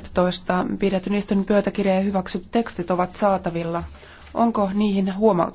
11. pidetyn istun pöytäkirja ja hyväksyt tekstit ovat saatavilla. Onko niihin huomautuksia?